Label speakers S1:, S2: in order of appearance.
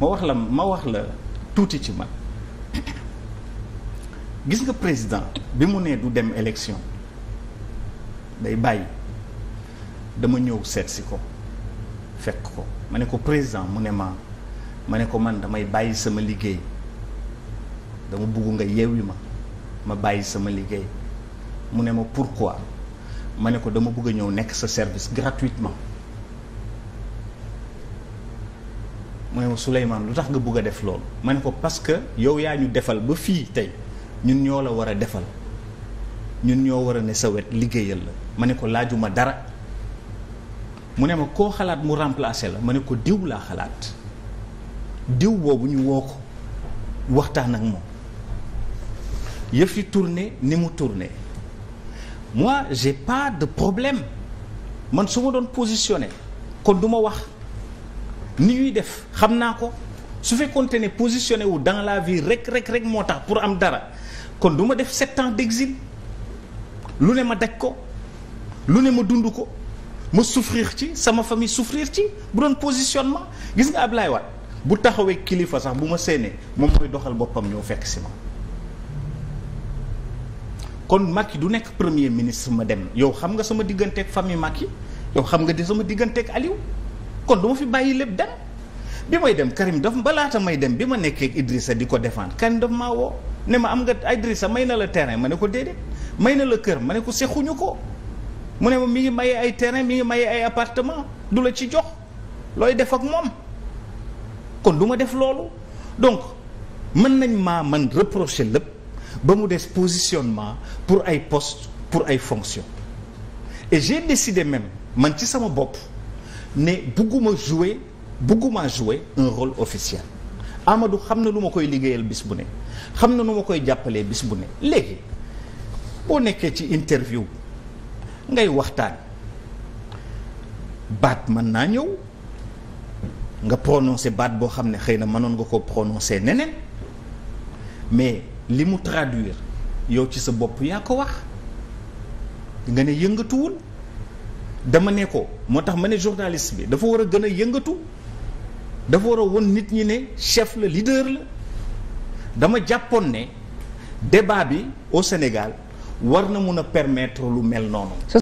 S1: ma wax la ma wax la tuuti ci man gis nga président bi mu nee du dem élection day bàyyi dama ñëw seet si ko fekk ko ma ne ko président mu ne ma ma ne ko man damay bàyyi sama liggéey dama bugg nga yeewi ma ma bàyyi sama liggéey mu ne ma pourquoi ma ne ko dama bëgg a ñëw nekk sa service gratuitement mooy ma Souleymane lu tax nga bugg a def loolu ma ne ko parce que yow yaa ñu defal ba fii tey ñun ñoo la war a defal ñun ñoo war a ne sa wet liggéeyal la ma ne ko laajuma dara mu ne ma koo xalaat mu remplacer la ma ne ko diw laa xalaat diw boobu ñu woo ko waxtaan ak moom yëf yi tourné ni mu tourné moi j'ai pas de problème man su ma doon positionné kon du ma wax ni ñuy def xam naa ko su fekkoonte ne positionné wu dans la vie rek rek rek moo tax pour am dara kon du ma def sept ans d'exil lu ne ma daj ko lu ne ma dund ko ma souffrir ci sama famille souffrir ci bu doon positionnement gis nga Ablaye Wade bu taxawee kilifa sax bu ma séenee moom mooy doxal boppam ñëw fekk si ma kon Macky du nekk premier ministre ma dem yow xam nga sama digganteeg famille Macky yow xam nga di sama digganteeg Aliou kon du ma fi bàyyi lépp dem bi may dem Karim daf balaata may dem bi ma nekkee Idrissa di ko defaan Karim daf maa woo ne ma am nga Idrissa may na la terrain ma ne ko déedéet may na la kër ma ne ko sexuñu ko mu ne ma mi ngi maye ay terrain mi ngi maye ay appartement du la ci jox looy def ak moom kon du ma def loolu donc mën nañ maa man reprocher lépp ba mu des positionnement pour ay poste pour ay fonction et j'ai décidé même man ci sama bopp ne bugguma jouer bugguma jouer un rôle officiel Amadou xam na lu ma koy liggéeyal bis bu ne xam na lu ma koy jàppalee bis bu ne léegi boo nekkee ci interview ngay waxtaan baat mën naa ñëw nga prononcé baat boo xam ne xëy na mënoon nga ko prononcé neneen mais li mu traduire yow ci sa bopp yaa ko wax nga ne yëngatuwul dama ne ko moo tax ma ne journaliste bi dafa war a gën a yëngatu dafa war a won nit ñi ne chef la leader la dama jàppoon ne débat bi au Sénégal war na mun a permettre lu mel noonu